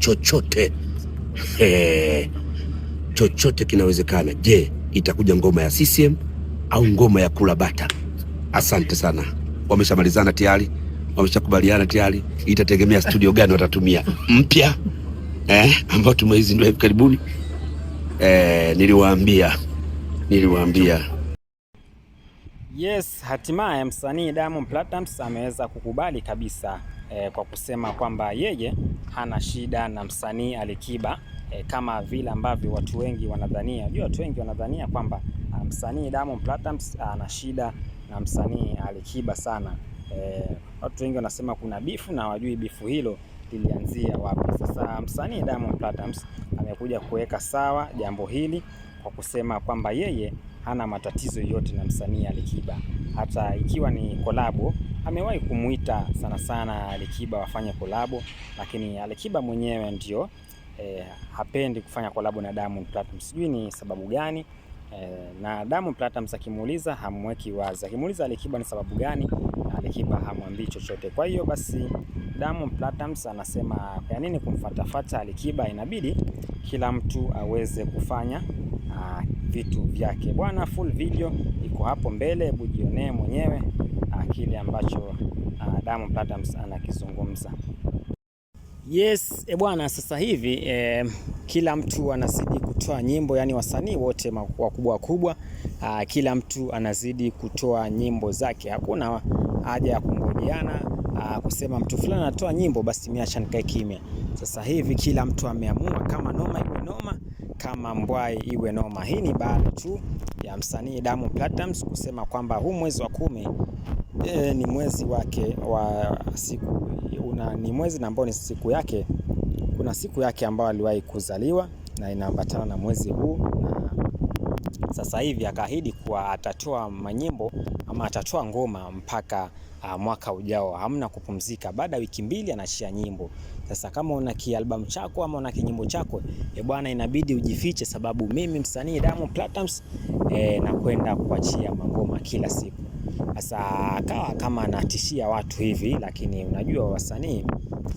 chochote he, chochote kinawezekana. Je, itakuja ngoma ya CCM au ngoma ya kula bata? Asante sana. Wameshamalizana tayari, wameshakubaliana tayari. Itategemea studio gani watatumia mpya eh, ambao tumeizindua hivi karibuni eh, niliwaambia niliwaambia. Yes, hatimaye msanii Diamond Platnumz ameweza kukubali kabisa e, kwa kusema kwamba yeye hana shida na msanii Alikiba e, kama vile ambavyo watu wengi wanadhania. Unajua watu wengi wanadhania kwamba ah, msanii Diamond Platnumz ah, ana shida na msanii Alikiba sana. E, watu wengi wanasema kuna bifu na wajui bifu hilo lilianzia wapi. Sasa msanii Diamond Platnumz amekuja kuweka sawa jambo hili kwa kusema kwamba yeye hana matatizo yote na msanii Alikiba. Hata ikiwa ni kolabo, amewahi kumuita sana sana Alikiba wafanye kolabo, lakini Alikiba mwenyewe ndio e, hapendi kufanya kolabo na Diamond Platnumz. Sijui ni sababu gani e, na Diamond Platnumz akimuuliza hamweki wazi, akimuuliza Alikiba ni sababu gani, Alikiba hamwambii chochote. Kwa hiyo basi Diamond Platnumz anasema kwa nini kumfatafata Alikiba, inabidi kila mtu aweze kufanya ah, vitu vyake. Bwana, full video iko hapo mbele, hebu jionee mwenyewe ah, kile ambacho ah, Diamond Platnumz anakizungumza. Yes, e bwana, sasa hivi eh, kila mtu anazidi kutoa nyimbo, yani wasanii wote wakubwa wakubwa, ah, kila mtu anazidi kutoa nyimbo zake. Hakuna ah, haja ya kungojeana kusema mtu fulani anatoa nyimbo basi mimi acha nikae kimya. Sasa hivi kila mtu ameamua kama noma kama mbwai iwe noma. Hii ni baada tu ya msanii Diamond Platnumz kusema kwamba huu mwezi wa kumi e, ni mwezi wake wa siku una, ni mwezi na ambao ni siku yake, kuna siku yake ambayo aliwahi kuzaliwa na inaambatana na mwezi huu sasa hivi akaahidi kuwa atatoa manyimbo ama atatoa ngoma mpaka uh, mwaka ujao, hamna kupumzika. Baada ya wiki mbili anashia nyimbo. Sasa kama una kialbum chako ama una kinyimbo chako e, bwana, inabidi ujifiche, sababu mimi msanii Diamond Platnumz e, nakwenda kuachia mangoma kila siku. Sasa akawa kama anatishia watu hivi, lakini unajua wasanii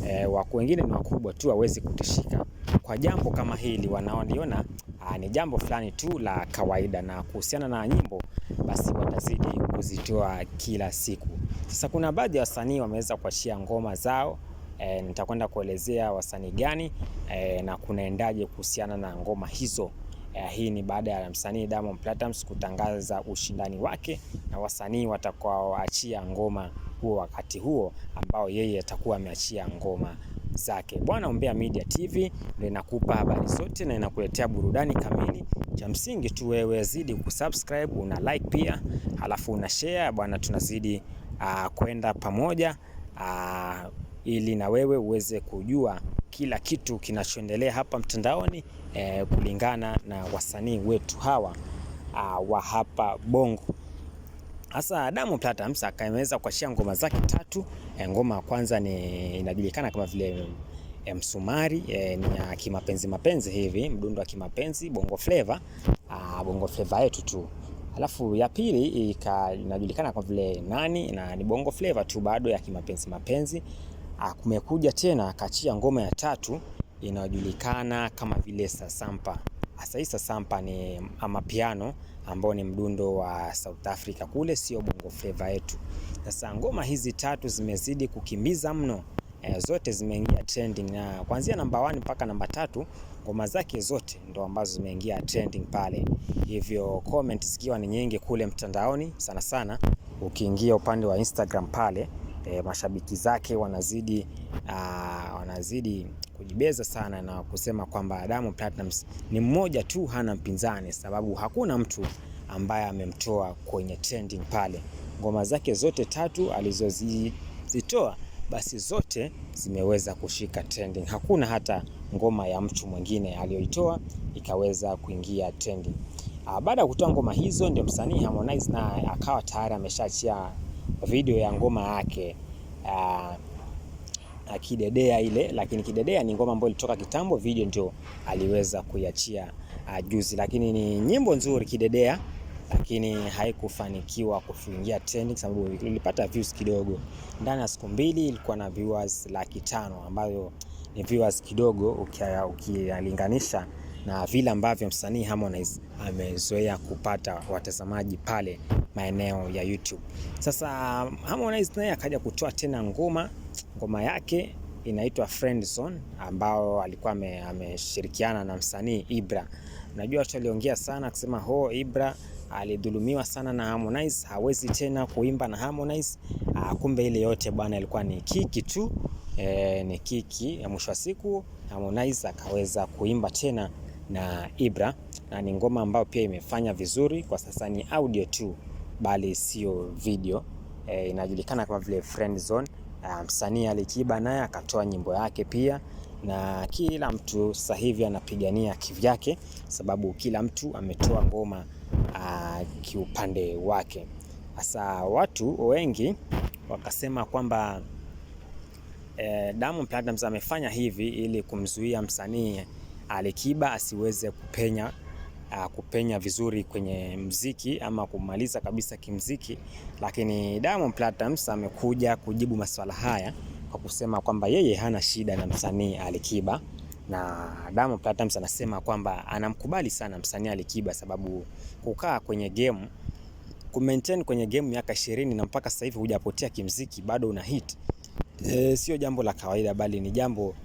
e, wako wengine ni wakubwa tu, hawezi kutishika kwa jambo kama hili, wanaoniona Ah, ni jambo fulani tu la kawaida, na kuhusiana na nyimbo basi watazidi kuzitoa kila siku. Sasa kuna baadhi ya wasanii wameweza kuachia ngoma zao e, nitakwenda kuelezea wasanii gani e, na kunaendaje kuhusiana na ngoma hizo. E, hii ni baada ya msanii Diamond Platnumz kutangaza ushindani wake na wasanii watakaoachia ngoma huo wakati huo ambao yeye atakuwa ameachia ngoma zake. Bwana Umbea Media TV ndio inakupa habari zote na inakuletea burudani kamili. Cha msingi tu wewe zidi kusubscribe, una like pia, halafu una share bwana, tunazidi uh, kwenda pamoja uh, ili na wewe uweze kujua kila kitu kinachoendelea hapa mtandaoni eh, kulingana na wasanii wetu hawa uh, wa hapa Bongo. Hasa Diamond Platnumz akaweza kuachia ngoma zake tatu. Eh, ngoma ya kwanza ni inajulikana kama vile eh, Msumari, e, ni ya kimapenzi mapenzi hivi, mdundo wa kimapenzi bongo flavor, a, ah, bongo flavor yetu tu. Alafu ya pili inajulikana kwa vile nani na ni bongo flavor tu bado ya kimapenzi mapenzi. Ah, kumekuja tena akachia ngoma ya tatu inayojulikana kama vile Sasampa. Asaisa Sampa ni amapiano ambao ni mdundo wa South Africa kule, sio bongo flava yetu. Sasa ngoma hizi tatu zimezidi kukimbiza mno e, zote zimeingia trending na kuanzia namba 1 mpaka namba tatu ngoma zake zote ndo ambazo zimeingia trending pale, hivyo comment zikiwa ni nyingi kule mtandaoni sana sana. Ukiingia upande wa Instagram pale e, mashabiki zake wanazidi, aa, wanazidi kujibeza sana na kusema kwamba Diamond Platnumz ni mmoja tu, hana mpinzani, sababu hakuna mtu ambaye amemtoa kwenye trending pale. Ngoma zake zote tatu alizozitoa basi zote zimeweza kushika trending. Hakuna hata ngoma ya mtu mwingine aliyoitoa ikaweza kuingia trending. Ah, baada ya kutoa ngoma hizo, ndio msanii Harmonize na akawa tayari ameshaachia video ya ngoma yake ah, kidedea ile, lakini kidedea ni ngoma ambayo ilitoka kitambo, video ndio aliweza kuiachia uh, juzi, lakini ni nyimbo nzuri kidedea, lakini haikufanikiwa kufungia trending sababu ilipata views kidogo. Ndani ya siku mbili ilikuwa na viewers laki tano ambayo ni viewers kidogo ukilinganisha na vile ambavyo msanii Harmonize amezoea kupata watazamaji pale maeneo ya YouTube. Sasa Harmonize naye akaja kutoa tena ngoma ngoma yake inaitwa Friendzone ambao alikuwa ameshirikiana na msanii Ibra. Najua watu waliongea sana kusema ho Ibra alidhulumiwa sana na Harmonize, hawezi tena kuimba na Harmonize. Ah, Kumbe ile yote bwana ilikuwa ni kiki tu e, ni kiki ya mwisho wa siku Harmonize akaweza kuimba tena na Ibra, na ni ngoma ambayo pia imefanya vizuri kwa sasa, ni audio tu bali sio video e, inajulikana kama vile Friendzone. Ah, msanii Alikiba naye akatoa nyimbo yake pia, na kila mtu sasa hivi anapigania kivyake, sababu kila mtu ametoa ngoma ah, kiupande wake. Sasa watu wengi wakasema kwamba e, Diamond Platnumz amefanya hivi ili kumzuia msanii Alikiba asiweze kupenya uh, kupenya vizuri kwenye mziki ama kumaliza kabisa kimziki, lakini Diamond Platnumz amekuja kujibu maswala haya kwa kusema kwamba yeye hana shida na msanii Alikiba na Diamond Platnumz anasema kwamba anamkubali sana msanii Alikiba sababu kukaa kwenye game maintain kwenye game miaka ishirini na mpaka sasa hivi hujapotea kimziki, bado una hit e, sio jambo la kawaida, bali ni jambo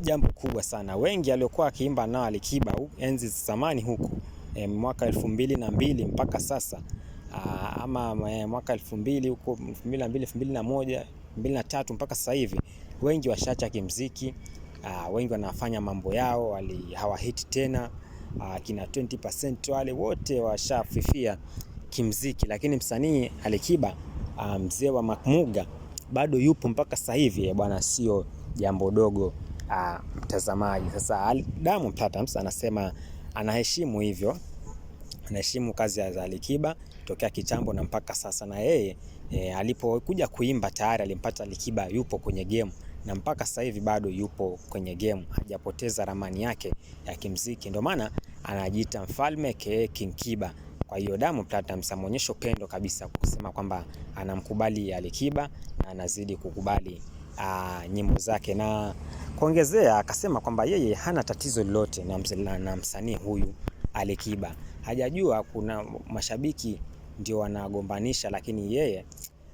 jambo kubwa sana. Wengi aliokuwa akiimba nao alikiba enzi za zamani huko e, mwaka elfu mbili na mbili mpaka sasa ah, ama eh, mwaka elfu mbili huko elfu mbili na mbili elfu mbili na moja elfu mbili na tatu mpaka sasa hivi wengi washacha kimziki. Aa, ah, wengi wanafanya mambo yao wali, hawahiti tena. Aa, ah, kina 20% wale wote washafifia kimziki, lakini msanii Alikiba mzee wa Makmuga bado yupo mpaka sasa hivi eh, bwana, sio jambo dogo uh, mtazamaji. Sasa Diamond Platnumz anasema anaheshimu hivyo, anaheshimu kazi ya Alikiba tokea kitambo na mpaka sasa, na yeye e, alipokuja kuimba tayari alimpata Alikiba yupo kwenye game na mpaka sasa hivi bado yupo kwenye game, hajapoteza ramani yake ya kimziki, ndio maana anajiita mfalme ke King Kiba. Kwa hiyo Diamond Platnumz ameonyesha upendo kabisa kusema kwamba anamkubali Alikiba na anazidi kukubali ah, nyimbo zake na Kuongezea akasema kwamba yeye hana tatizo lolote na, na msanii huyu Alikiba. Hajajua kuna mashabiki ndio wanagombanisha, lakini yeye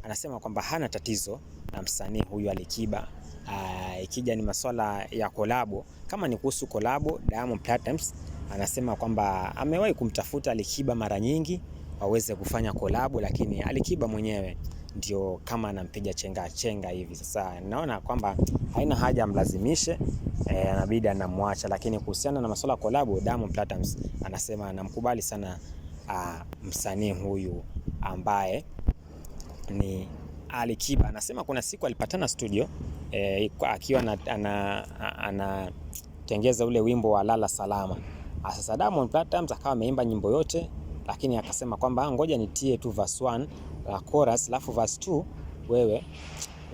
anasema kwamba hana tatizo na msanii huyu Alikiba. Uh, ikija ni masuala ya kolabo, kama ni kuhusu kolabo, Diamond Platnumz anasema kwamba amewahi kumtafuta Alikiba mara nyingi waweze kufanya kolabo, lakini Alikiba mwenyewe ndio kama anampiga chenga chenga hivi. Sasa naona kwamba haina haja amlazimishe, eh, anabidi anamwacha. Lakini kuhusiana na masuala ya collab, Diamond Platnumz anasema anamkubali sana uh, msanii huyu ambaye ni Ali Kiba. Anasema kuna siku alipatana studio e, akiwa anatengeza ana, ule wimbo wa Lala Salama. Ah, sasa Diamond Platnumz akawa ameimba nyimbo yote, lakini akasema kwamba ngoja nitie tu verse 1 la chorus, alafu verse 2 wewe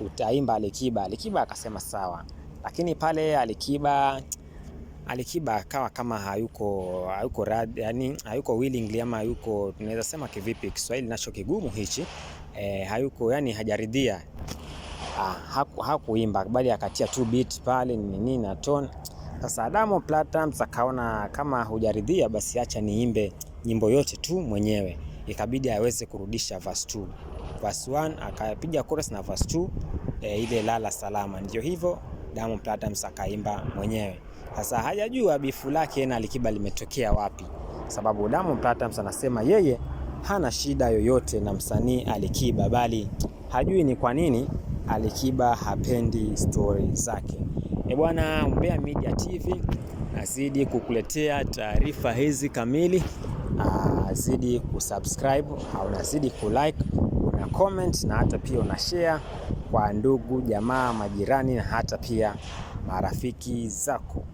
utaimba Alikiba. Alikiba akasema sawa, lakini pale Alikiba Alikiba akawa kama hayuko hayuko rad, yani hayuko willingly ama hayuko tunaweza sema kivipi, Kiswahili nacho kigumu hichi e, hayuko yani hajaridhia ah, hakuimba haku bali akatia two beat pale nini na tone. Sasa Adamo Platnumz akaona kama hujaridhia, basi acha niimbe nyimbo yote tu mwenyewe ikabidi aweze kurudisha verse 2. Verse 1 akapiga chorus na verse 2 e, eh, ile lala salama. Ndio hivyo Diamond Platnumz akaimba mwenyewe. Sasa hajajua bifu lake na Alikiba limetokea wapi, sababu Diamond Platnumz anasema yeye hana shida yoyote na msanii Alikiba, bali hajui ni kwa nini Alikiba hapendi story zake. E bwana, Umbea Media TV nazidi kukuletea taarifa hizi kamili uh, zidi kusubscribe, unazidi kulike, una comment na hata pia una share kwa ndugu, jamaa, majirani na hata pia marafiki zako.